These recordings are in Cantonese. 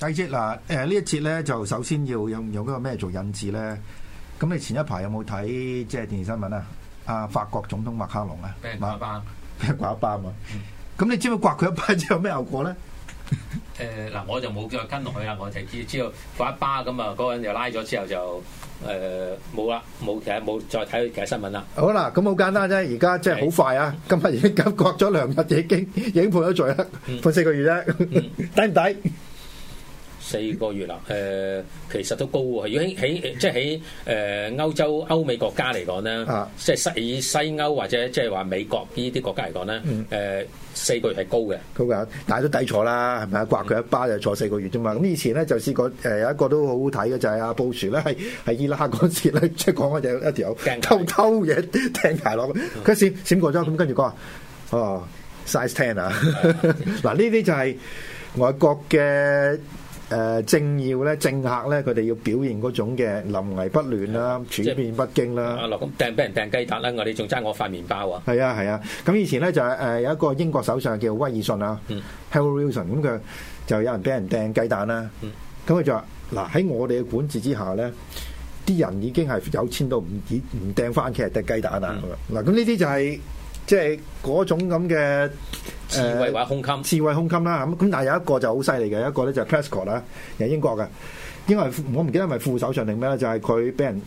解説嗱，誒呢一節咧就首先要有有嗰個咩做引子咧，咁你前一排有冇睇即係電視新聞啊？阿法國總統馬克龍啊，刮一巴，巴，刮一巴啊嘛，咁、嗯、你知唔知刮佢一巴之後咩後果咧？誒嗱、呃，我就冇再跟落去啦，我就知知道刮一巴咁啊，嗰、那個人又拉咗之後就誒冇、呃、啦，冇睇冇再睇其他新聞啦。好嗱，咁好簡單啫，而家即係好快啊！今日已經刮咗兩日，已經判咗罪啦，判了四個月啫，抵唔抵？嗯 帥四個月啦、啊，誒、呃、其實都高喎，要喺喺即係喺誒歐洲歐美國家嚟講咧，啊、即係西西歐或者即係話美國呢啲國家嚟講咧，誒、嗯呃、四個月係高嘅，高嘅，但係都抵坐啦，係咪啊？刮佢一巴就坐四個月啫嘛。咁、嗯、以前咧就試過誒、呃、有一個都很好好睇嘅就係、是、阿布殊咧，係係伊拉克嗰時咧，即、就、係、是、講嘅就一條鞋偷偷嘢掟埋落，佢閃閃過咗，咁、嗯、跟住講、哦、啊，哦 size ten 啊，嗱呢啲就係外國嘅。誒、呃、政要咧、政客咧，佢哋要表現嗰種嘅臨危不亂啦、的處變不驚啦。阿咁掟俾人掟雞蛋啦，我哋仲爭我塊麵包啊！係啊係啊，咁以前咧就係誒有一個英國首相叫威爾遜啊、嗯，Harold Wilson，咁佢就有人俾人掟雞蛋啦，咁佢、嗯、就話：嗱喺我哋嘅管治之下咧，啲人已經係有錢到唔唔掟番茄，掟雞蛋啦嗱，咁呢啲就係、是。即係嗰種咁嘅、呃、智慧或胸襟，智慧胸襟啦咁。咁但係有一個就好犀利嘅，有一個咧就是 Prescott 啦，係英國嘅。因為我唔記得係咪副首相定咩啦，就係佢俾人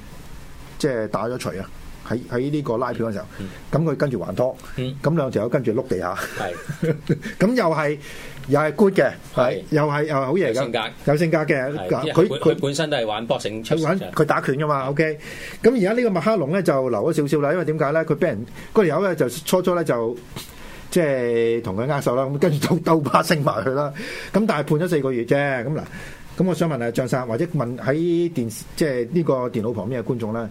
即係打咗錘啊！喺喺呢個拉票嘅時候，咁佢跟住還拖，咁兩條友跟住碌地下，咁又係又係 good 嘅，係又係又係好嘢嘅，有性格有性格嘅，佢佢本身都係玩搏命玩佢打拳嘅嘛。OK，咁而家呢個麥克龍咧就留咗少少啦，因為點解咧？佢俾人嗰條友咧就初初咧就即係同佢握手啦，咁跟住都兜巴升埋佢啦。咁但係判咗四個月啫。咁嗱，咁我想問啊張生，或者問喺電即係呢個電腦旁邊嘅觀眾咧？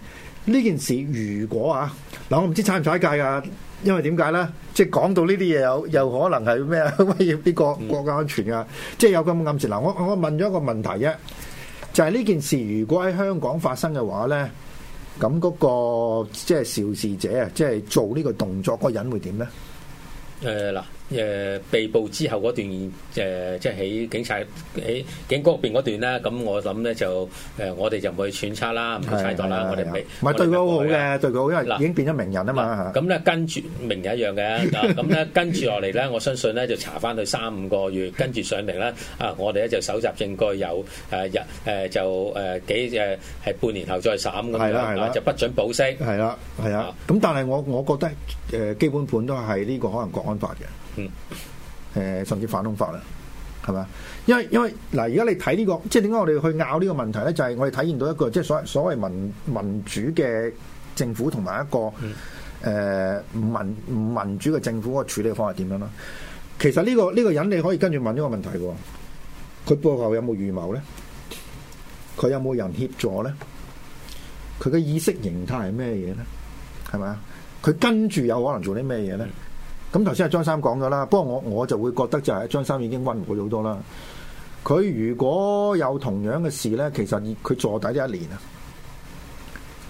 呢件事如果啊嗱，我唔知踩唔踩界啊，因為點解咧？即係講到呢啲嘢，有又可能係咩啊威脅呢個國家安全啊？即係有咁暗示。嗱、啊，我我問咗一個問題啫、啊，就係、是、呢件事如果喺香港發生嘅話咧，咁嗰、那個即係肇事者啊，即係做呢個動作嗰、那個人會點咧？誒、嗯、嗱、嗯。誒、呃、被捕之後嗰段，誒、呃、即係喺警察喺、呃、警局嗰段咧，咁我諗咧就誒、呃、我哋就唔會去揣測啦，唔去猜度啦，我哋未。唔係對佢好嘅，對佢因為已經變咗名人啊嘛。咁咧、呃、跟住名人一樣嘅，咁咧、 啊、跟住落嚟咧，我相信咧就查翻去三五個月，跟住上嚟啦。啊，我哋咧就搜集應該有誒日誒就誒幾誒係、啊、半年後再審咁樣，就不准保釋。係啦，係啊。咁但係我我覺得誒基本盤都係呢個可能國安法嘅。嗯，誒，甚至反恐法啦，係嘛？因為因為嗱，而家你睇呢、這個，即係點解我哋去拗呢個問題咧？就係、是、我哋體現到一個，即係所所謂民民主嘅政府同埋一個誒、嗯呃、民民主嘅政府嗰個處理方式點樣啦。其實呢、這個呢、這個人你可以跟住問呢個問題嘅，佢背後有冇預謀咧？佢有冇人協助咧？佢嘅意識形態係咩嘢咧？係嘛？佢跟住有可能做啲咩嘢咧？嗯咁頭先係張生講咗啦，不過我我就會覺得就係張生已經溫和咗好多啦。佢如果有同樣嘅事咧，其實佢坐底一一年啦。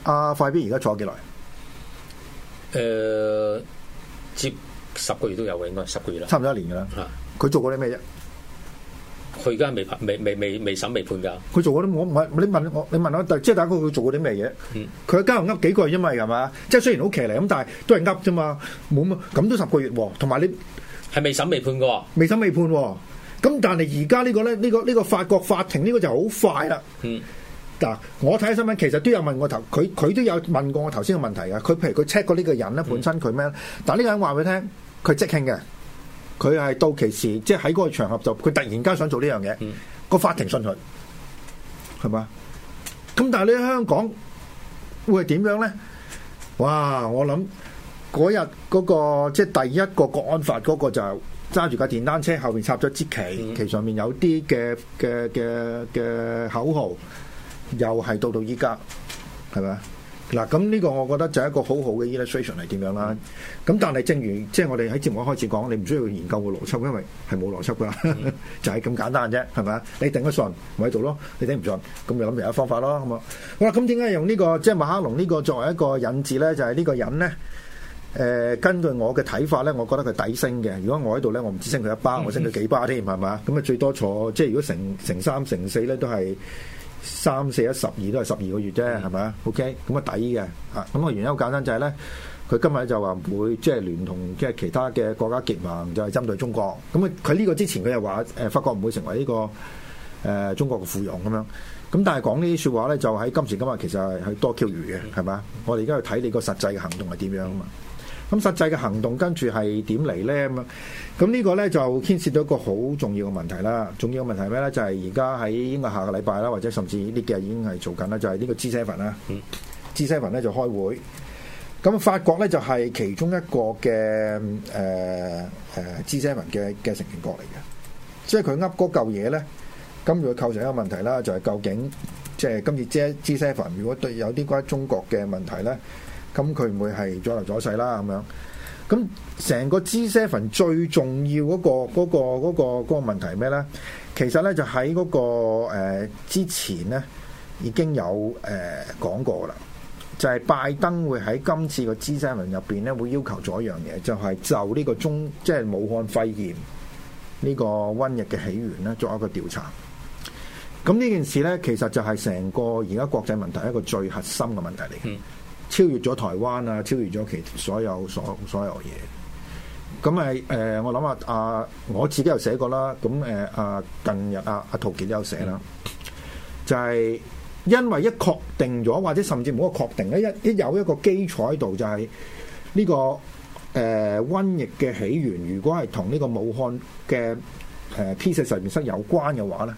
阿、啊、快必而家坐咗幾耐？誒、呃，接十個月都有嘅應該，十個月啦，差唔多一年噶啦。佢做過啲咩啫？佢而家未未未未審未判㗎，啊。佢做嗰啲我唔，你問我，你問我，即係大概佢做嗰啲咩嘢？佢喺嘉禾噏幾個月，因為係嘛？即係雖然好騎呢，咁但係都係噏啫嘛。冇乜咁，都十個月。同埋你係未審未判個，啊？未審未判。咁但係而家呢個咧，呢個呢、呢個呢個法國法庭呢個就好快啦。嗯。嗱，我睇新聞其實都有問我頭，佢佢都有問過我頭先嘅問題嘅。佢譬如佢 check 過呢個人咧，本身佢咩？但呢個人話俾你聽，佢即興嘅。佢係到期時，即喺嗰個場合就佢突然間想做呢樣嘢，個、嗯、法庭信佢係咪？咁但係你喺香港會係點樣咧？哇！我諗嗰日嗰個即第一個國安法嗰個就揸住架電單車後邊插咗支旗，嗯、旗上面有啲嘅嘅嘅嘅口號，又係到到依家係咪啊？嗱咁呢個，我覺得就係一個好好嘅 illustration 係點樣啦。咁、嗯、但係，正如即係我哋喺節目開開始講，你唔需要研究個邏輯，因為係冇邏輯噶，嗯、 就係咁簡單啫，係咪啊？你頂得順，咪喺度咯；你頂唔順，咁就諗其他方法咯，係嘛？好啦，咁點解用呢、這個即係馬克龍呢個作為一個引子咧？就係、是、呢個人呢。誒、呃，根據我嘅睇法咧，我覺得佢抵升嘅。如果我喺度咧，我唔知升佢一巴，嗯、我升佢幾巴添，係咪？咁啊最多坐，即係如果成三、成四咧，都係。三四一十二都係十二個月啫，係咪啊？OK，咁啊抵嘅。啊，咁啊原因好簡單就呢就就，就係咧，佢今日就話唔會即係聯同即係其他嘅國家結盟，就係針對中國。咁啊，佢呢個之前佢又話法國唔會成為呢、呢個誒、呃、中國嘅附庸咁樣。咁但係講呢啲說話咧，就喺今時今日其實係多 Q 餘嘅，係咪啊？我哋而家去睇你個實際嘅行動係點樣啊嘛。咁實際嘅行動跟住係點嚟咧？咁啊，咁呢個咧就牽涉到一個好重要嘅問題啦。重要嘅問題係咩咧？就係而家喺英國下個禮拜啦，或者甚至呢幾日已經係做緊啦，就係、是嗯、呢個 G7 啦，G7 咧就開會。咁法國咧就係、是、其中一個嘅誒誒 G7 嘅嘅成員國嚟嘅，即係佢噏嗰嚿嘢咧，咁佢構成一個問題啦。就係、是、究竟即係今次 G7 如果對有啲關中國嘅問題咧？咁佢唔會係阻頭阻勢啦，咁樣。咁成個 G7 最重要嗰、那個嗰、那個嗰、那個嗰、那個、問題係咩咧？其實咧就喺嗰、那個、呃、之前咧已經有、呃、講過啦。就係、是、拜登會喺今次個 G7 入面咧，會要求咗一樣嘢，就係、是、就呢個中即係、就是、武漢肺炎呢個瘟疫嘅起源咧，作一個調查。咁呢件事咧，其實就係成個而家國際問題一個最核心嘅問題嚟嘅。嗯超越咗台灣啊，超越咗其所有所所有嘢。咁咪誒，我諗下啊，我自己又寫過啦。咁、啊、誒，阿近日阿阿、啊、陶傑又寫啦，就係、是、因為一確定咗，或者甚至冇一個確定咧，一一有一個基礎喺度就係、是、呢、這個誒、呃、瘟疫嘅起源，如果係同呢個武漢嘅誒 P 四實驗室有關嘅話咧，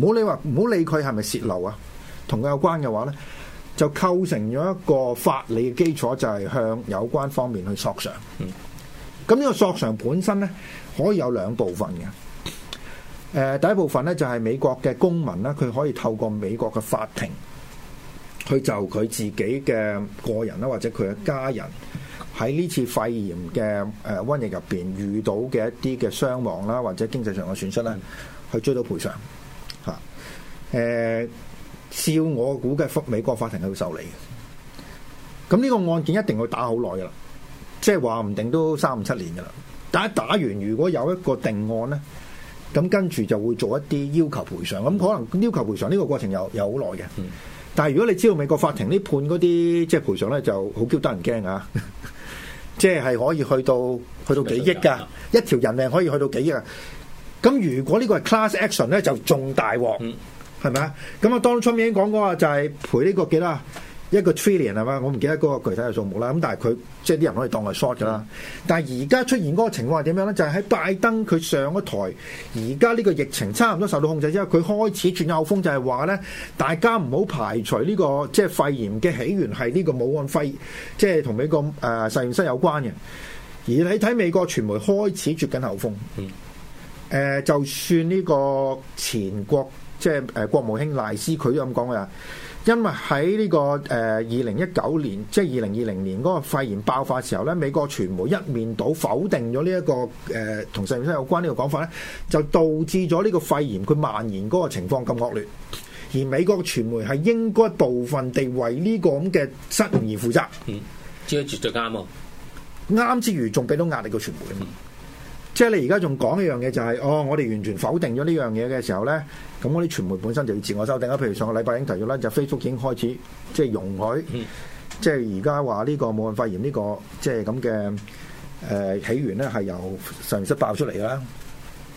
唔好理話，唔好理佢係咪泄漏啊，同佢有關嘅話咧。就構成咗一個法理嘅基礎，就係向有關方面去索償。咁呢個索償本身呢，可以有兩部分嘅。誒、呃，第一部分呢，就係美國嘅公民呢，佢可以透過美國嘅法庭，佢就佢自己嘅個人啦，或者佢嘅家人喺呢次肺炎嘅誒瘟疫入邊遇到嘅一啲嘅傷亡啦，或者經濟上嘅損失呢，去追到賠償嚇。誒、啊、呃笑我估計，福美國法庭係會受理嘅。咁呢個案件一定要打好耐噶啦，即係話唔定都三五七年噶啦。打一打完，如果有一個定案咧咁跟住就會做一啲要求賠償。咁可能要求賠償呢個過程又有好耐嘅。但係如果你知道美國法庭這判那些呢判嗰啲即係賠償咧，就好驚得人驚啊！ 即係可以去到去到幾億噶，嗯、一條人命可以去到幾億。咁如果呢個係 class action 咧，就仲大鑊。係咪啊？咁啊，當初已經講過就係賠呢個幾多一個 trillion 係嘛，我唔記得嗰個具體嘅數目啦。咁但係佢即係啲人可以當係 short 噶啦。但係而家出現嗰個情況係點樣咧？就係、是、喺拜登佢上咗台，而家呢個疫情差唔多受到控制之後，佢開始轉口風、這個，就係話咧大家唔好排除呢個即係肺炎嘅起源係呢個武漢肺，即係同美國誒、呃、實驗室有關嘅。而你睇美國傳媒開始啜緊口風，誒、嗯呃，就算呢個前國。即係誒，國務卿賴斯佢都咁講啊，因為喺呢個誒二零一九年，即係二零二零年嗰個肺炎爆發時候咧，美國傳媒一面倒否定咗呢一個誒同實驗室有關呢個講法咧，就導致咗呢個肺炎佢蔓延嗰個情況咁惡劣，而美國傳媒係應該部分地為呢個咁嘅失誤而負責。嗯，呢個絕對啱啊，啱之餘仲俾到壓力嘅傳媒。即係你而家仲講一樣嘢，就是，就係哦，我哋完全否定咗呢樣嘢嘅時候咧，咁我啲傳媒本身就要自我修訂啦。譬如上個禮拜已經提咗啦，就 Facebook 已經開始即係容許，嗯、即係而家話呢個武漢肺炎呢、這個即係咁嘅誒起源咧，係由實驗室爆出嚟啦。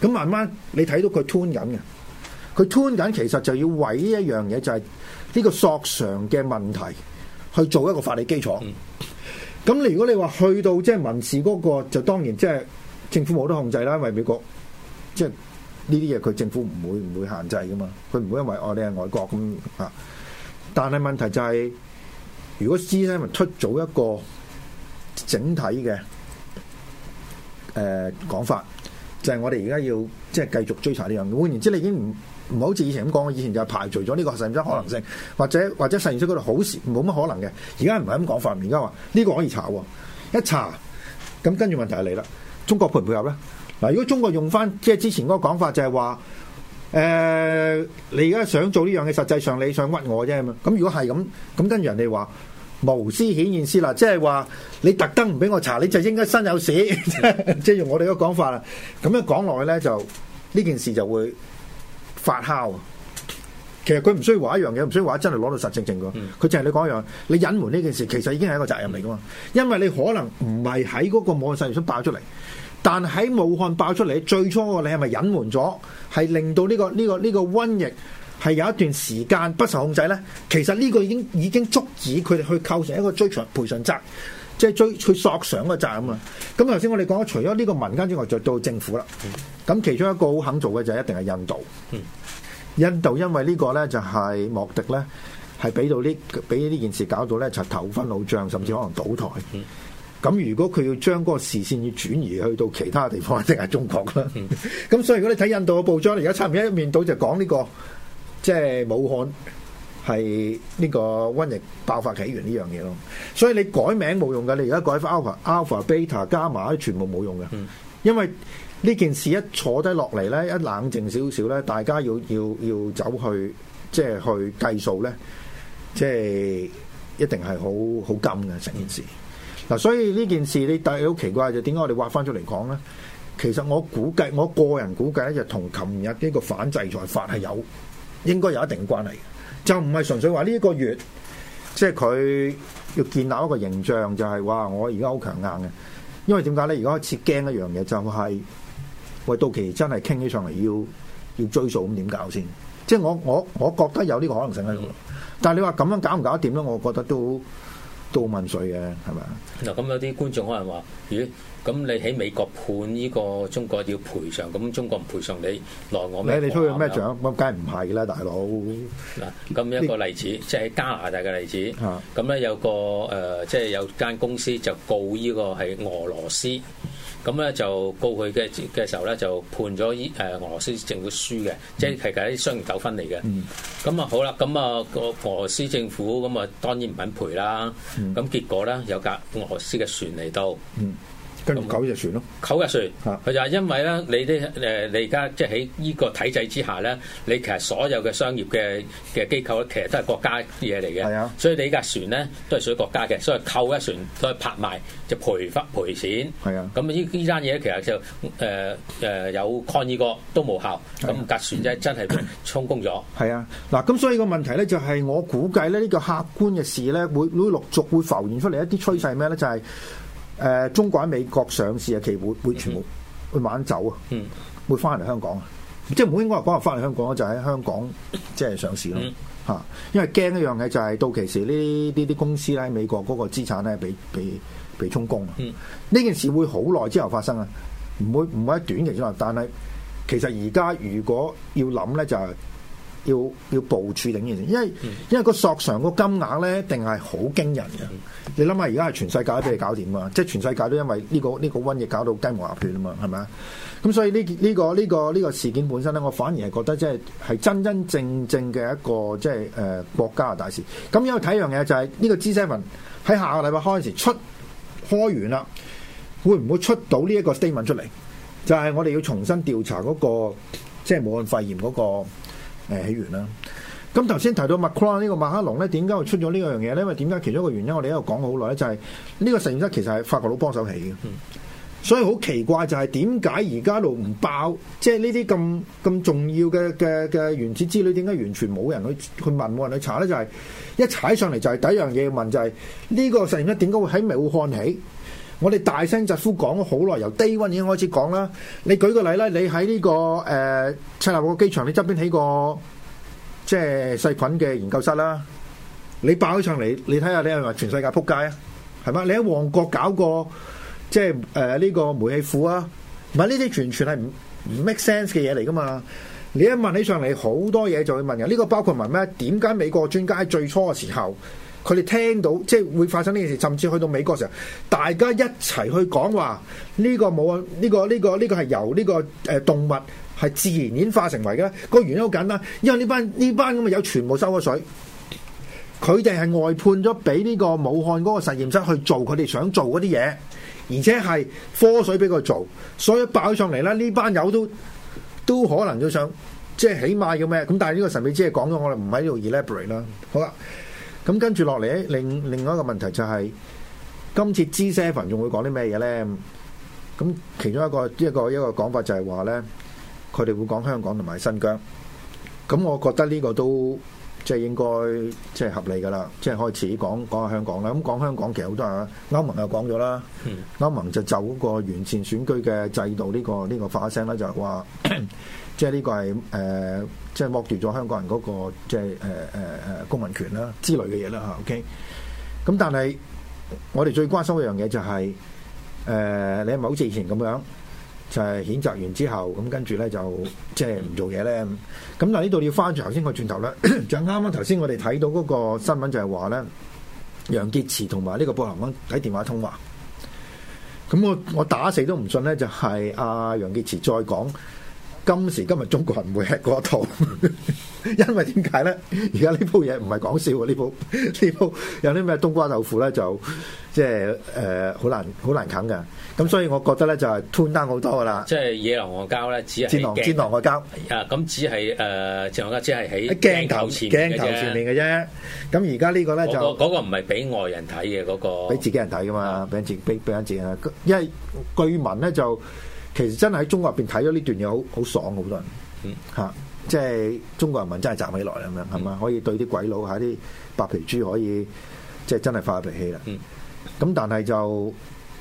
咁慢慢你睇到佢 turn 緊嘅，佢 turn 緊其實就要為呢一樣嘢就係呢個索償嘅問題去做一個法理基礎。咁、嗯、你如果你話去到即係民事嗰、那個，就當然即、就、係、是。政府冇得控制啦，因為美國即係呢啲嘢，佢政府唔會唔會限制噶嘛。佢唔會因為我哋係外國咁啊。但係問題就係、是，如果斯斯出咗一個整體嘅誒、呃、講法，就係、是、我哋而家要即係繼續追查呢樣。換言之即係你已經唔唔好似以前咁講，以前就係排除咗呢個實驗室可能性，嗯、或者或者實驗室嗰度好少冇乜可能嘅。而家唔係咁講法，而家話呢個可以查喎，一查，咁跟住問題係嚟啦。中國配唔配合咧？嗱，如果中國用翻即係之前嗰個講法就，就係話誒，你而家想做呢樣嘢，實際上你想屈我啫嘛？咁如果係咁，咁跟住人哋話無私顯現私啦，即係話你特登唔俾我查，你就應該身有屎， 即係用我哋嗰講法啦。咁樣講落去咧，就呢件事就會發酵。其實佢唔需要話一樣嘢，唔需要話真係攞到實證證據。佢淨係你講一樣，你隱瞞呢件事，其實已經係一個責任嚟噶嘛。因為你可能唔係喺嗰武漢上面想爆出嚟，但喺武漢爆出嚟最初你係咪隱瞞咗，係令到呢、呢個呢、呢個呢、呢個瘟疫係有一段時間不受控制咧？其實呢個已經已經足以佢哋去構成一個追償賠償責，即係追去索償嘅責任啊！咁頭先我哋講咗，除咗呢個民間之外，就到政府啦。咁其中一個好肯做嘅就係，一定係印度。嗯印度因為呢個咧就係莫迪咧，係俾到啲俾呢件事搞到咧，就頭昏腦脹，甚至可能倒台。咁如果佢要將嗰個視線要轉移去到其他地方，即係中國啦。咁所以如果你睇印度嘅報章，你而家差唔多一面倒就講呢個，即係武漢係呢個瘟疫爆發起源呢樣嘢咯。所以你改名冇用噶，你而家改翻 alpha、alpha、beta、伽馬，全部冇用嘅，因為。呢件事一坐低落嚟呢，一冷靜少少呢，大家要要要走去即係去計數呢，即係一定係好好金嘅成件事。嗱、啊，所以呢件事但你但係好奇怪就點解我哋挖翻出嚟講呢？其實我估計，我個人估計呢就同琴日呢個反制裁法係有應該有一定關係，就唔係純粹話呢一個月即係佢要建立一個形象，就係、是、話我而家好強硬嘅。因為點解呢？而家開始驚一樣嘢就係、是。到期真係傾起上嚟，要要追數咁點搞先？即係我我我覺得有呢個可能性喺度，但係你話咁樣搞唔搞得掂咧？我覺得都都問水嘅，係咪啊？嗱，咁有啲觀眾可能話：咦，咁你喺美國判呢個中國要賠償，咁中國唔賠償你，奈我咩？你出去咩獎？咁梗係唔係嘅啦，大佬？嗱，咁一個例子，你即係喺加拿大嘅例子。嚇、啊，咁咧有個誒、呃，即係有間公司就告呢個係俄羅斯。咁咧就告佢嘅嘅時候咧，就判咗誒俄羅斯政府輸嘅，嗯、即係係喺啲商業糾紛嚟嘅。咁啊、嗯、好啦，咁啊個俄羅斯政府咁啊，當然唔肯賠啦。咁、嗯、結果咧，有架俄羅斯嘅船嚟到。嗯跟住九隻船咯，九隻船，佢就係因為咧，你啲誒你而家即係喺呢個體制之下咧，你其實所有嘅商業嘅嘅機構咧，其實都係國家嘢嚟嘅，係啊，所以你架船咧都係屬於國家嘅，所以扣一船都係拍賣就賠返賠錢，係啊，咁呢呢單嘢其實就誒誒、呃、有抗議過都無效，咁架船咧真係充公咗，係啊，嗱咁、啊、所以個問題咧就係、是、我估計咧呢個客觀嘅事咧會會陸續會浮現出嚟一啲趨勢咩咧就係、是。誒、呃、中國喺美國上市嘅期會會全部會挽走啊！會翻嚟、嗯、香港，即係唔好應該話講話翻嚟香港就喺、是、香港即係上市咯嚇、嗯啊。因為驚一樣嘢就係到期時呢呢啲公司咧美國嗰個資產咧被被被充公啊！呢、嗯、件事會好耐之後發生啊，唔會唔會喺短期之內，但係其實而家如果要諗咧就係、是。要要部署定呢件事，因為因為嗰個索償個金額咧，一定係好驚人嘅。你諗下，而家係全世界都俾你搞掂啊嘛，即係全世界都因為呢、呢個呢、呢個瘟疫搞到雞毛鴨血啊嘛，係咪啊？咁所以呢、呢、呢個呢、呢個呢、呢個呢個事件本身咧，我反而係覺得即係係真真正正嘅一個即係誒國家嘅大事。咁又睇一樣嘢就係、係、呢、呢個 G7 喺下個禮拜開始時出開完啦，會唔會出到呢一個 statement 出嚟？就係、係、我哋要重新調查嗰、嗰個即係武漢肺炎嗰、嗰個。誒起源啦，咁頭先提到 Macron 呢個馬克龍咧，點解會出咗呢樣嘢咧？因為點解其中一個原因，我哋喺度講好耐咧，就係、是、呢個實驗室其實係法國佬幫手起嘅，所以好奇怪就係點解而家度唔爆？即係呢啲咁咁重要嘅嘅嘅原始資料，點解完全冇人去去問，冇人去查咧？就係、是、一踩上嚟就係第一樣嘢要問，就係呢個實驗室點解會喺武漢起？我哋大聲疾呼講咗好耐，由 day one 已經開始講啦。你舉個例咧，你喺呢、這個誒、呃、赤鱲角機場，你側邊起個即係細菌嘅研究室啦。你爆起上嚟，你睇下你係咪全世界撲街啊？係嘛？你喺旺角搞個即係呢、呃這個煤氣庫啊？唔係呢啲完全係唔 make sense 嘅嘢嚟噶嘛？你一問起上嚟，好多嘢就會問人。呢、這個包括問咩？點解美國專家喺最初嘅時候？佢哋聽到即係會發生呢件事，甚至去到美國時候，大家一齊去講話呢個冇啊！呢個呢個呢個係由呢個誒動物係自然演化成為嘅。個原因好簡單，因為呢班呢班咁嘅友全部收咗水，佢哋係外判咗俾呢個武漢嗰個實驗室去做佢哋想做嗰啲嘢，而且係科水俾佢做，所以爆起上嚟啦！呢班友都都可能都想，即係起碼要咩咁？但係呢個神秘之係講咗，我哋唔喺度 elaborate 啦。好啦。咁跟住落嚟，另另外一個問題就係今次 G7 仲會講啲咩嘢呢？咁其中一個一個一個講法就係話呢，佢哋會講香港同埋新疆。咁我覺得呢個都即係應該即係合理噶啦，即係開始講講下香港啦。咁講香港其實好多啊，歐盟又講咗啦，歐盟就就嗰個完善選舉嘅制度呢個呢個發一聲啦，就係話。即係呢個係誒、呃，即係剝奪咗香港人嗰、那個即係誒誒誒公民權啦之類嘅嘢啦嚇。OK，咁但係我哋最關心的一樣嘢就係、是、誒、呃，你係咪好似以前咁樣，就係、是、譴責完之後，咁跟住咧就即係唔做嘢咧？咁嗱呢度你要翻轉頭先個轉頭咧，就啱啱頭先我哋睇到嗰個新聞就係話咧，楊潔篪同埋呢個布林肯喺電話通話。咁我我打死都唔信咧，就係、是、阿、啊、楊潔篪再講。今時今日中國人唔會吃過套， 因為點解咧？而家呢鋪嘢唔係講笑啊！呢鋪呢鋪有啲咩冬瓜豆腐咧，就即係誒好難好難啃嘅。咁所以我覺得咧就係吞 u 好多噶啦。即係野狼外交咧，只係。賊狼賊狼惡交。啊，咁、啊啊啊、只係誒，只係喺鏡頭前鏡頭前面嘅啫。咁而家呢、那個咧就嗰個唔係俾外人睇嘅嗰個。俾自己人睇㗎嘛，俾人接俾俾人接啊！因為居民咧就。其實真喺中國入邊睇咗呢段嘢，好好爽，好多人，吓、嗯，即係、啊就是、中國人民真係站起來咁樣，係嘛？嗯，可以對啲鬼佬吓啲白皮豬，可以即係、就是、真係發脾氣啦。咁但係就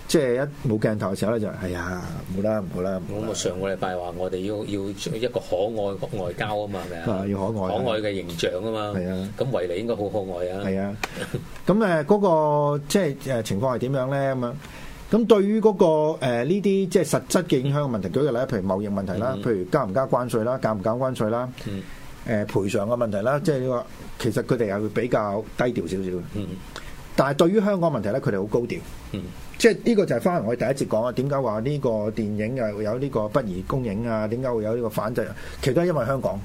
即係一冇鏡頭嘅時候咧，就係呀，冇啦，冇啦，咁我上個禮拜話我哋要要一個可愛的外交啊嘛，係咪啊？要可愛可愛嘅形象啊嘛。係啊。咁維尼應該好可愛啊。係啊。咁誒、 那個，個即係誒情況係點樣咧？咁咁對於嗰個呢啲、呃、即係實質嘅影響嘅問題，舉個例，譬如貿易問題啦，譬如加唔加關稅啦，減唔減關稅啦，誒、嗯呃、賠償嘅問題啦，即係呢個其實佢哋係會比較低調少少嘅。嗯、但係對於香港問題呢，佢哋好高調。嗯、即係呢個就係翻嚟我哋第一節講啊，點解話呢個電影又有呢個不宜公映啊？點解會有呢個反制？其實都係因為香港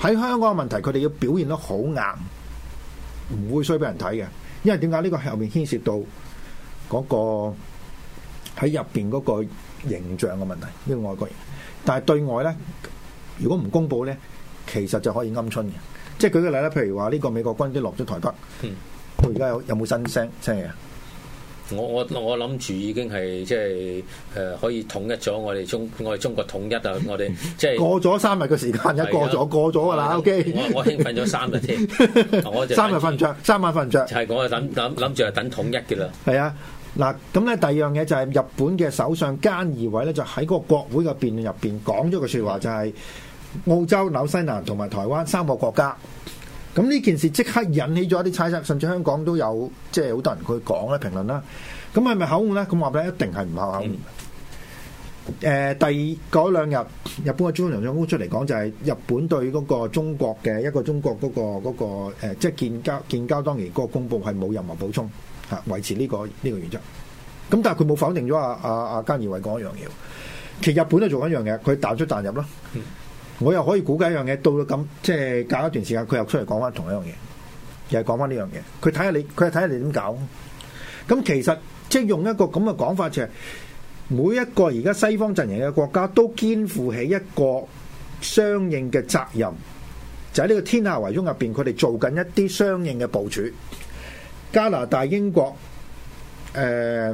喺香港嘅問題，佢哋要表現得好硬，唔會衰俾人睇嘅。因為點解呢個後面牽涉到嗰個。喺入邊嗰個形象嘅問題，呢個外國人，但係對外咧，如果唔公佈咧，其實就可以鵪鶉嘅。即係舉個例啦，譬如話呢個美國軍都落咗台北，嗯，佢而家有有冇新聲，聲呀？我我我諗住已經係即係誒，可以統一咗我哋中我哋中國統一啦，我哋即係過咗三日嘅時間，一、啊、過咗過咗噶啦，OK。我我興奮咗三日先。 我就三日瞓唔着，三晚瞓唔着，就係我諗諗諗住係等統一嘅啦，係啊。嗱，咁咧第二樣嘢就係日本嘅首相菅義偉咧，就喺個國會嘅辯論入邊講咗個説話，就係澳洲、紐西蘭同埋台灣三個國家，咁呢件事即刻引起咗一啲猜測，甚至香港都有即係好多人去講咧、評論啦。咁係咪口誤呢？咁話咧一定係唔係口誤。誒、嗯，第嗰兩日日本嘅官房長官出嚟講，就係日本對嗰個中國嘅一個中國嗰、嗰個嗰、嗰個呃、即係建交建交，建交當然嗰個公佈係冇任何補充。維持呢個呢個原則，咁但係佢冇否定咗阿阿阿菅義偉講一樣嘢，其實日本都做緊一樣嘢，佢彈出彈入啦。我又可以估計一樣嘢，到咗咁即係隔一段時間，佢又出嚟講翻同一樣嘢，又係講翻呢樣嘢。佢睇下你，佢睇下你點搞。咁其實即係用一個咁嘅講法，就係每一個而家西方陣營嘅國家，都肩負起一個相應嘅責任，就喺呢個天下圍中入邊，佢哋做緊一啲相應嘅部署。加拿大、英國，誒、呃，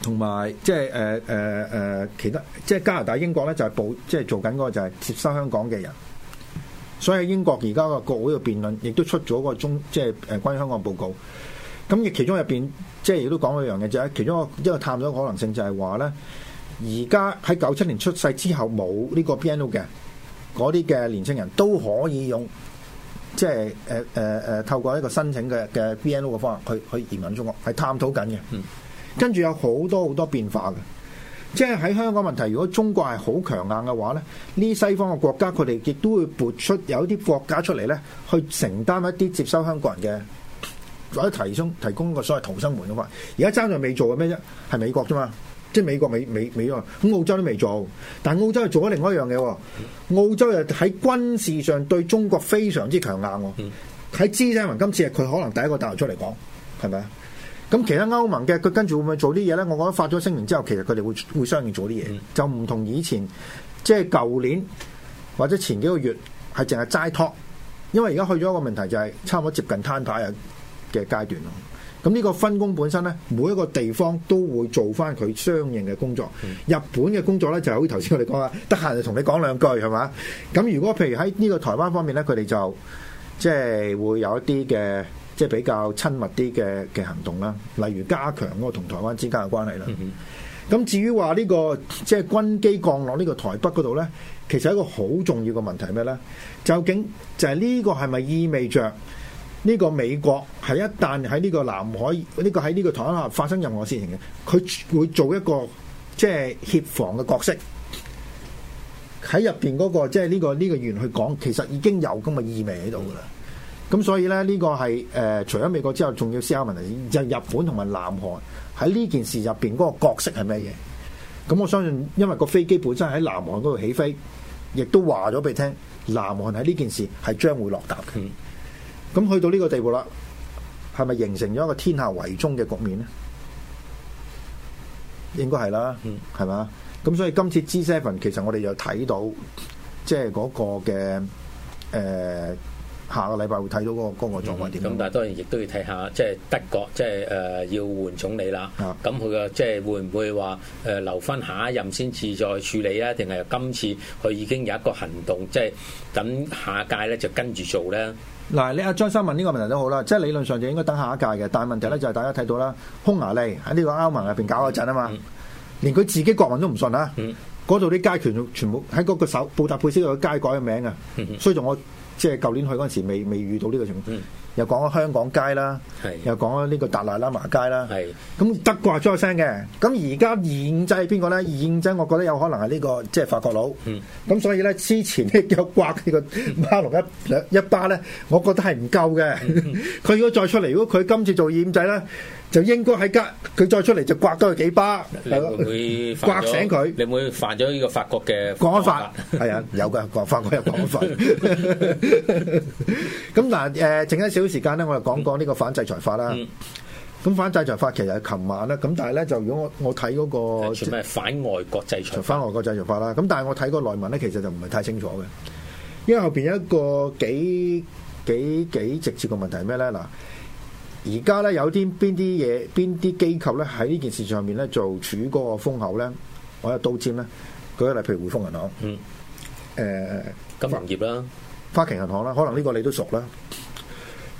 同埋即係誒誒誒，其他即係、就是、加拿大、英國咧就係、是、保，即、就、係、是、做緊嗰個就係接收香港嘅人。所以喺英國而家個國會嘅辯論，亦都出咗個中，即係誒關於香港報告。咁亦其中入邊，即係亦都講咗一樣嘢，就係其中一個，一個探咗可能性就係話咧，而家喺九七年出世之後冇呢個 BNO 嘅嗰啲嘅年輕人都可以用。即係誒誒誒，透過一個申請嘅嘅 BNO 嘅方案去去移民中國，係探討緊嘅。跟住有好多好多變化嘅，即係喺香港問題，如果中國係好強硬嘅話咧，呢西方嘅國家佢哋亦都會撥出有啲國家出嚟咧，去承擔一啲接收香港人嘅或者提供提供個所謂逃生門嘅話，而家爭在未做嘅咩啫，係美國啫嘛。即係美國美美美咗，咁澳洲都未做，但澳洲係做咗另外一樣嘢。澳洲又喺軍事上對中國非常之強硬喎。喺資產盟今次係佢可能第一個帶頭出嚟講，係咪啊？咁其他歐盟嘅佢跟住會唔會做啲嘢咧？我覺得發咗聲明之後，其實佢哋會會相應做啲嘢，就唔同以前，即係舊年或者前幾個月係淨係齋 talk，是只是只是 ing, 因為而家去咗一個問題就係差唔多接近攤牌嘅階段咯。咁呢個分工本身呢，每一個地方都會做翻佢相應嘅工作。嗯、日本嘅工作呢，就好似頭先我哋講啊，得閒 就同你講兩句係嘛？咁如果譬如喺呢個台灣方面呢，佢哋就即係、就是、會有一啲嘅即係比較親密啲嘅嘅行動啦，例如加強嗰個同台灣之間嘅關係啦。咁、嗯、哼至於話呢、呢個即係、就是、軍機降落呢個台北嗰度呢，其實一個好重要嘅問題係咩呢？究竟就係、是、呢個係咪意味着。呢個美國係一旦喺呢個南海，呢個喺呢個台灣海發生任何事情嘅，佢會做一個即係協防嘅角色。喺入邊嗰個即係呢個呢個員去講，其實已經有咁嘅意味喺度噶啦。咁所以咧，呢個係誒、呃、除咗美國之後，仲要思考問題，就日本同埋南韓喺呢件事入邊嗰個角色係咩嘢？咁我相信，因為個飛機本身喺南韓嗰度起飛，亦都話咗俾你聽，南韓喺呢件事係將會落彈嘅。嗯咁去到呢個地步啦，係咪形成咗一個天下圍中嘅局面咧？應該係啦，係嘛、嗯？咁所以今次 G Seven 其實我哋又睇到，即係嗰個嘅誒。呃下個禮拜會睇到嗰、那個嗰、那個狀況點？咁、嗯、但係當然亦都要睇下，即係德國即係誒、呃、要換總理啦。咁佢個即係會唔會話誒、呃、留翻下一任先至再處理啊？定係今次佢已經有一個行動，即係等下一屆咧就跟住做咧？嗱、啊，你阿張三問呢個問題都好啦，即係理論上就應該等下一屆嘅。但係問題咧就係大家睇到啦，匈牙利喺呢個歐盟入邊搞個陣啊嘛，嗯嗯、連佢自己國民都唔信啊。嗰度啲街權全部喺嗰個首布達佩斯度嘅街改嘅名啊，嗯嗯、所以從我。即係舊年去嗰陣時，未未遇到呢個情況，嗯、又講咗香港街啦，的又講咗呢個達賴喇嘛街啦，咁的德國話咗一聲嘅，咁而家二五仔邊個咧？二五我覺得有可能係呢、呢個即係法國佬，咁、嗯、所以咧之前呢，又掛呢個馬龍一、嗯、一巴咧，我覺得係唔夠嘅。佢、嗯、 如果再出嚟，如果佢今次做二五仔咧。就應該喺家佢再出嚟就刮多佢幾巴，會,會刮醒佢？你會犯咗呢個法國嘅國安法？係啊， 有噶法法國嘅國安法。咁嗱， 誒、呃，剩一少少時間咧，我就講講呢個反制裁法啦。咁、嗯、反制裁法其實係琴晚啦，咁但係咧就如果我我睇嗰、嗰個咩反外國制裁反外國制裁法啦，咁但係我睇個內文咧，其實就唔係太清楚嘅。因為後邊有一個幾幾幾直接嘅問題係咩咧嗱？而家咧有啲邊啲嘢，邊啲機構咧喺呢件事上面咧做處嗰個風口咧，我有刀尖咧。舉個例，譬如匯豐銀行，嗯，誒、呃、金融業啦，花旗銀行啦，可能呢個你都熟啦。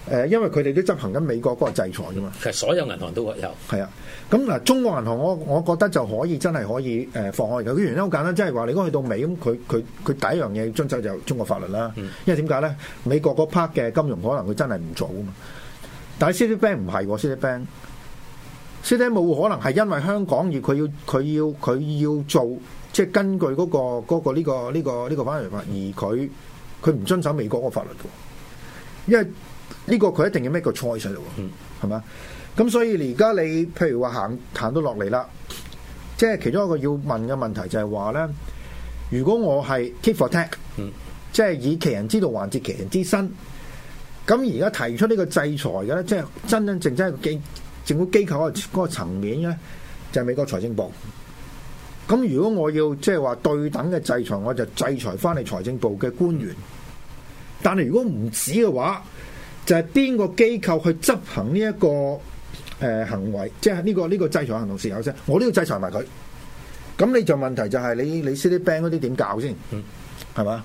誒、呃，因為佢哋都執行緊美國嗰個制裁噶嘛、嗯。其實所有銀行都係有。係啊，咁嗱，中國銀行我我覺得就可以真係可以誒放開嘅。佢原因好簡單，即係話你如果去到尾咁，佢佢佢第一樣嘢遵守就就中國法律啦。因為點解咧？美國嗰 part 嘅金融可能佢真係唔做噶嘛。但係 Citibank 唔係，Citibank，Citibank 冇可能係因為香港而佢要佢要佢要做，即係根據嗰個嗰個呢個呢個呢個法律法，而佢佢唔遵守美國個法律，因為呢個佢一定要 make 個 choice 咯，嗯，係嘛？咁所以而家你譬如話行行到落嚟啦，即係其中一個要問嘅問題就係話咧，如果我係 keep for tack，即係以其人之道還治其人之身。咁而家提出呢個制裁嘅咧，即係真真正正係政政府機構嗰個層面咧，就係美國財政部。咁如果我要即係話對等嘅制裁，我就制裁翻嚟財政部嘅官員。但係如果唔止嘅話，就係邊個機構去執行呢一個、呃、行為？即係呢個呢個制裁行動時候先，我都要制裁埋佢。咁你就問題就係你你 Citibank 嗰啲點搞先？係嘛？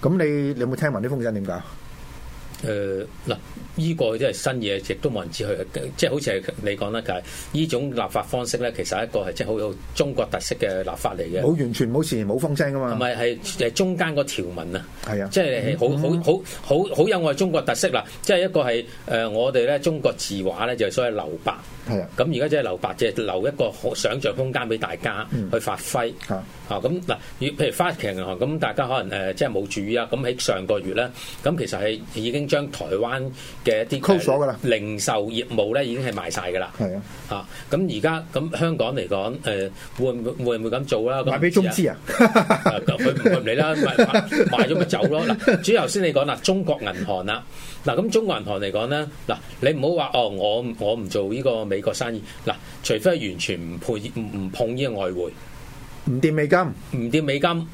咁你你有冇聽聞啲風聲點搞？誒嗱，呢個真係新嘢，亦都冇人知佢，即係好似係你講得就係呢種立法方式咧，其實係一個係即係好有中國特色嘅立法嚟嘅、啊。好完全冇事，冇風聲啊嘛。同埋係誒中間個條文啊，係啊，即係好好好好好有我哋中國特色啦！即係一個係誒、呃、我哋咧中國字畫咧就所謂留白，係啊，咁而家即係留白，即、就、係、是、留一個想像空間俾大家去發揮嚇。咁嗱，如、嗯啊啊、譬如花旗銀行咁，大家可能誒、呃、即係冇注意啊。咁喺上個月咧，咁其實係已經。將台灣嘅啲零售業務咧已經係賣晒噶啦，係的啊，咁而家咁香港嚟講，誒、呃、會唔會咁做啦？賣俾中資？啊？佢唔、啊、 理啦，賣咗咪 走咯。嗱，主要頭先你講嗱，中國銀行啦、啊，嗱咁中國銀行嚟講咧，嗱你唔好話哦，我我唔做呢個美國生意嗱、啊，除非完全唔配唔碰呢個外匯，唔掂美金，唔掂美金。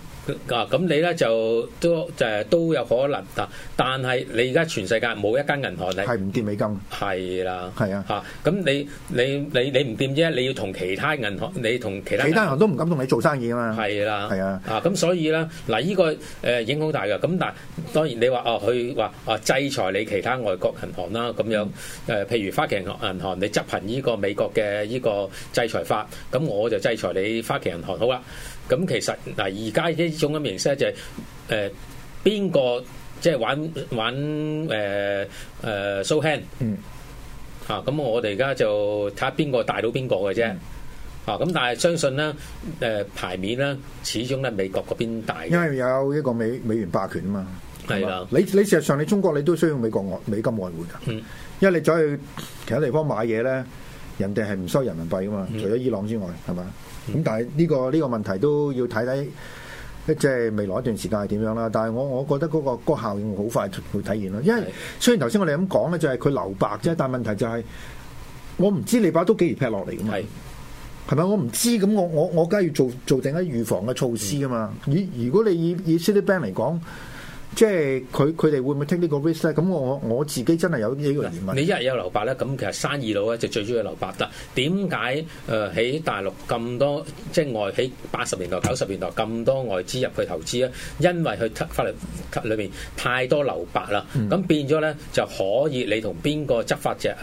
啊！咁你咧就都就係都有可能，啊、但但係你而家全世界冇一間銀行你係唔掂美金係啦，係的的啊，吓咁你你你你唔掂啫，你要同其他銀行，你同其他銀行，行都唔敢同你做生意噶嘛，係啦的，係的啊，咁所以咧，嗱、呢個個誒、呃、影響好大㗎。咁但係當然你話佢話啊，啊制裁你其他外國銀行啦，咁樣誒、嗯啊，譬如花旗銀行，你執行呢個美國嘅呢個制裁法，咁我就制裁你花旗銀行好啦。咁其實嗱，而家呢種咁形式咧、就係，呃、就係誒邊個即係玩玩誒誒、呃呃、show hand，嚇咁、嗯啊、我哋而家就睇下邊個帶到邊個嘅啫，嚇咁、嗯啊、但係相信咧誒、呃、牌面咧，始終咧美國嗰邊大，因為有一個美美元霸權啊嘛，係啦的，你你事實上你中國你都需要美國外美金外匯噶，嗯、因為你走去其他地方買嘢咧。人哋係唔收人民幣噶嘛？除咗伊朗之外，係嘛？咁、嗯、但係、這、呢個呢、這個問題都要睇睇，即係未來一段時間係點樣啦。但係我我覺得嗰、那個那個效應好快會睇現啦，因為雖然頭先我哋咁講咧，就係、是、佢留白啫。但係問題就係、是、我唔知你把刀幾易劈落嚟噶嘛？係咪？我唔知咁，我我我家要做做定一預防嘅措施噶嘛？如如果你以以 c i t Bank 嚟講。即係佢佢哋會唔會 take 呢個 risk 咧？咁我我我自己真係有呢個疑問。你一日有留白咧，咁其實生意佬咧就最鍾意留白啦。點解誒喺大陸咁多即係外喺八十年代九十年代咁多外資入去投資咧？因為佢執法律裏面太多留白啦。咁變咗咧就可以你同邊個執法者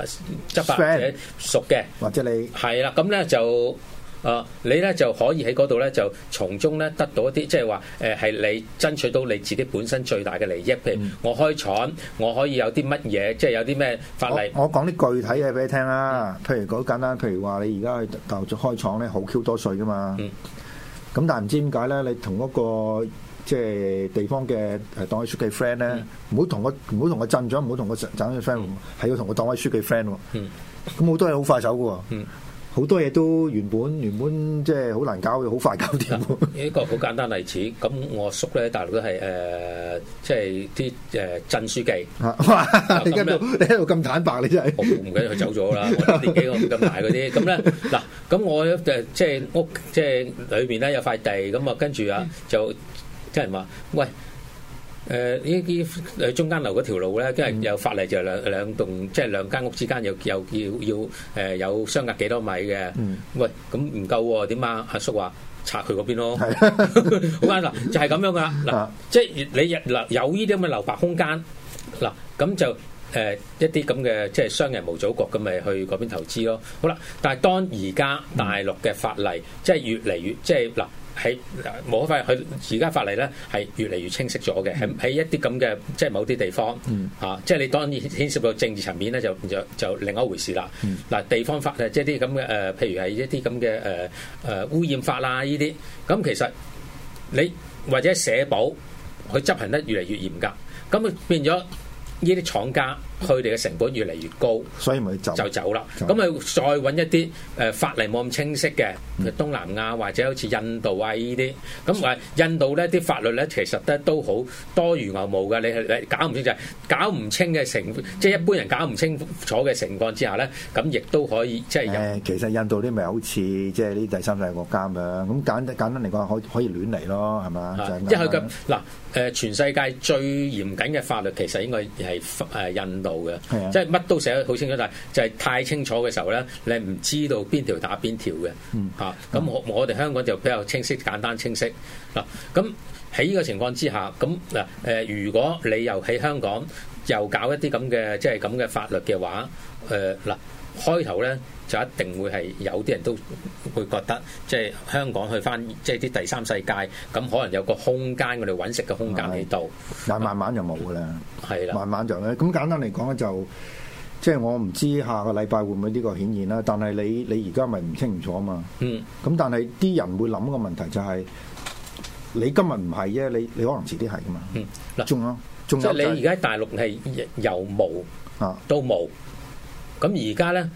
執法者熟嘅，或者你係啦。咁咧就。啊！Uh, 你咧就可以喺嗰度咧，就從中咧得到一啲，即係話誒，係、呃、你爭取到你自己本身最大嘅利益。譬如我開廠，我可以有啲乜嘢，即係有啲咩法例。我，我講啲具體嘅俾你聽啦。嗯、譬如好簡單，譬如話你而家去大陸開廠咧，好 Q 多稅噶嘛。咁、嗯、但係唔知點解咧？你同嗰、那個即係、就是、地方嘅黨委書記 friend 咧，唔好同我唔好同個鎮長，唔好同個省省長 friend，係、嗯、要同個黨委書記 friend 喎、哦。咁好多嘢好快手噶喎。嗯好多嘢都原本原本即係好難搞嘅，好快搞掂。啊！呢個好簡單例子。咁我叔咧喺大陸都係誒，即係啲誒鎮書記。啊、哇！你喺度你喺度咁坦白，你真係我唔記得佢走咗啦。我年紀咁大啲。咁咧嗱，咁我誒即係屋即係裏面咧有塊地。咁、嗯、啊，嗯、跟住啊就即係話：喂！誒呢啲誒中間樓嗰條路咧，即係有法例就兩兩棟，即、就、係、是、兩間屋之間又又要要誒、呃、有相隔幾多米嘅？嗯，喂，咁唔夠喎？點啊？阿叔話拆佢嗰邊咯，係好啱啦，就係咁樣噶啦，嗱，即係你嗱有呢啲咁嘅留白空間，嗱，咁就誒一啲咁嘅即係商人無祖國咁，咪去嗰邊投資咯。好啦，但係當而家大陸嘅法例、嗯、即係越嚟越即係嗱。係冇法，佢而家法例咧係越嚟越清晰咗嘅。喺喺一啲咁嘅，即係某啲地方嚇，即係嗯，你當然牽涉到政治層面咧，就就就另一回事啦。嗱、嗯，地方法誒，即係啲咁嘅誒，譬如係一啲咁嘅誒誒污染法啦呢啲，咁其實你或者社保佢執行得越嚟越嚴格，咁變咗呢啲廠家。佢哋嘅成本越嚟越高，所以咪就就走啦。咁咪再揾一啲誒法例冇咁清晰嘅，嗯、東南亞或者好似印度啊呢啲，咁啊印度呢啲法律咧其實咧都好多如牛毛嘅，你係你搞唔清，搞清就係搞唔清嘅情，即係一般人搞唔清楚嘅情況之下咧，咁亦都可以即係誒，就是，其實印度啲咪好似即係呢啲第三世界國家咁樣，咁簡簡單嚟講可可以亂嚟咯，係咪啊？的因為佢咁嗱，誒、呃、全世界最嚴謹嘅法律其實應該係誒印度。嘅，即係乜都寫得好清楚，但係就係太清楚嘅時候咧，你唔知道邊條打邊條嘅，嚇咁、嗯嗯啊、我我哋香港就比較清晰簡單清晰嗱，咁喺呢個情況之下，咁嗱誒，如果你又喺香港又搞一啲咁嘅即係咁嘅法律嘅話，誒、啊、嗱。啊開頭咧就一定會係有啲人都會覺得，即係香港去翻即係啲第三世界，咁可能有個空間我哋揾食嘅空間喺度，但慢慢就冇噶啦。係啦，慢慢就咧。咁簡單嚟講咧，就即係我唔知下個禮拜會唔會呢個顯現啦。但係你你而家咪唔清唔楚啊嘛。嗯。咁但係啲人會諗個問題就係，你今日唔係啫，你你可能遲啲係噶嘛。嗯。嗱，仲咯，即係你而家大陸係有冇啊都冇。咁而家咧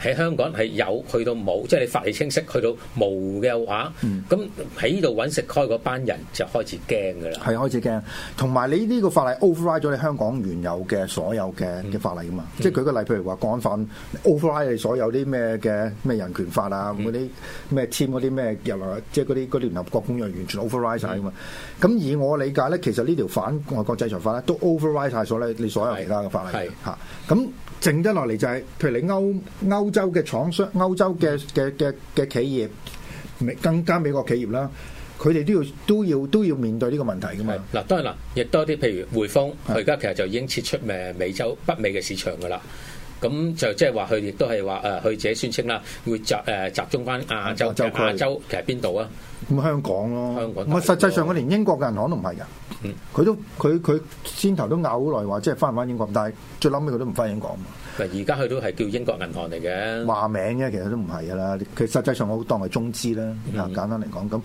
喺香港係有去到冇，即係你法例清晰去到冇嘅話，咁喺呢度揾食開嗰班人就開始驚嘅啦。係開始驚，同埋你呢個法例 override 咗你香港原有嘅所有嘅嘅法例噶嘛？嗯、即係舉個例，譬如話國安法 override 你所有啲咩嘅咩人權法啊，嗰啲咩簽嗰啲咩入即係嗰啲嗰聯合國公約完全 override 曬噶嘛？咁以、嗯、我理解咧，其實呢條反外國制裁法咧都 override 曬所咧你所有其他嘅法例嘅咁。剩得落嚟就係、是，譬如你歐歐洲嘅廠商、歐洲嘅嘅嘅嘅企業，美更加美國企業啦，佢哋都要都要都要面對呢個問題㗎嘛。嗱，當然啦，亦多啲譬如匯豐，佢而家其實就已經撤出誒美洲北美嘅市場㗎啦。咁就即係話佢亦都係話誒，佢自己宣稱啦，會集誒集中翻亞洲嘅跨洲，洲其實邊度啊？唔香港咯，香港。唔係，我實際上佢連英國嘅銀行、嗯、都唔係㗎，佢都佢佢先頭都拗好耐話，即係翻唔翻英國，但係最諗尾佢都唔翻英國啊。嗱，而家佢都係叫英國銀行嚟嘅，話名呢其實都唔係啊啦，佢實,實際上我當係中資啦，嗯、簡單嚟講咁。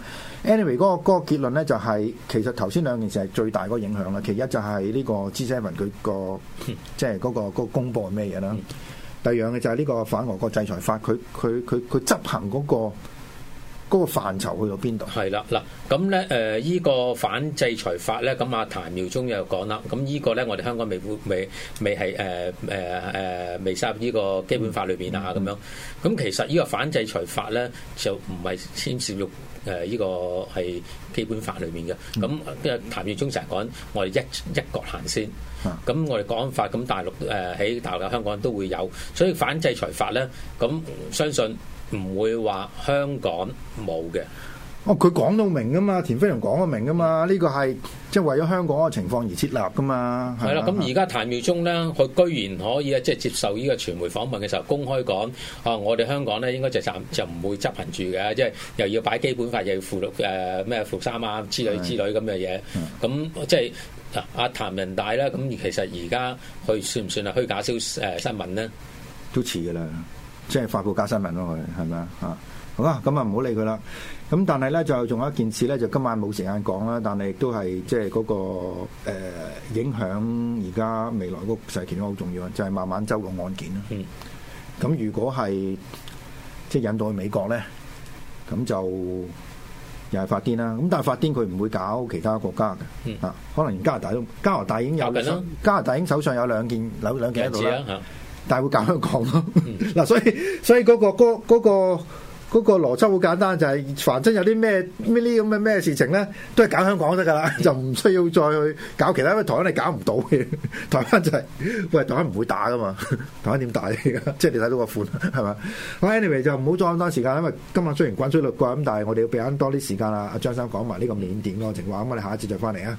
anyway 嗰、那個那個結論咧就係、是，其實頭先兩件事係最大嗰個影響啦。其一就係呢個 G7，佢、嗰個即係嗰個公佈係咩嘢啦？第二樣嘅就係呢個反俄國制裁法，佢佢佢佢執行嗰、嗰個。嗰個範疇去到邊度？係啦，嗱咁咧，誒、呃、依、這個反制裁法咧，咁阿譚耀宗又講啦，咁依個咧，我哋香港未未未係誒誒誒未涉及依個基本法裏邊啊，咁樣。咁、嗯、其實呢個反制裁法咧，就唔係先涉入誒依個係基本法裏面嘅。咁因為譚耀宗成日講，我哋一一國行先。咁、嗯嗯、我哋講法，咁大陸誒喺大陸、大陸香港都會有，所以反制裁法咧，咁相信。唔會話香港冇嘅，哦，佢講到明噶嘛，田飛龍講到明噶嘛，呢個係即係為咗香港嘅情況而設立噶嘛，係啦。咁而家譚耀宗咧，佢居然可以啊，即係接受呢個傳媒訪問嘅時候公開講啊，我哋香港咧應該就暫就唔會執行住嘅，即係又要擺基本法，又要附錄咩附三啊之類之類咁嘅嘢。咁即係啊譚人大咧，咁其實而家佢算唔算係虛假消誒、呃、新聞咧？都遲噶啦。即係發布假新聞咯，佢係咪啊？嚇，好啊，咁啊唔好理佢啦。咁但係咧，就仲有一件事咧，就今晚冇時間講啦。但係亦都係即係嗰個、呃、影響而家未來嗰個事件都好重要啊，就係、是、孟晚舟嘅案件啦。咁、嗯、如果係即係引渡去美國咧，咁就又係發癲啦。咁但係發癲佢唔會搞其他國家嘅。嗯、啊，可能加拿大都加拿大已經有，加拿大已經手上有兩件兩兩件喺度啦。但係會搞香港咯，嗱、嗯、 所以所以嗰、嗰個嗰嗰、嗰個嗰、嗰個邏輯好簡單，就係凡真有啲咩咩咁嘅咩事情咧，都係搞香港得噶啦，就唔需要再去搞其他，因為台灣你搞唔到嘅，台灣就係、是、喂台灣唔會打噶嘛，台灣點打嚟噶？即係、就是、你睇到個款係咪？Anyway 就唔好再咁多時間，因為今日雖然滾水六個咁，但係我哋要俾翻多啲時間啦，阿張三講埋呢個緬甸個情況，咁我哋下一節再翻嚟啊。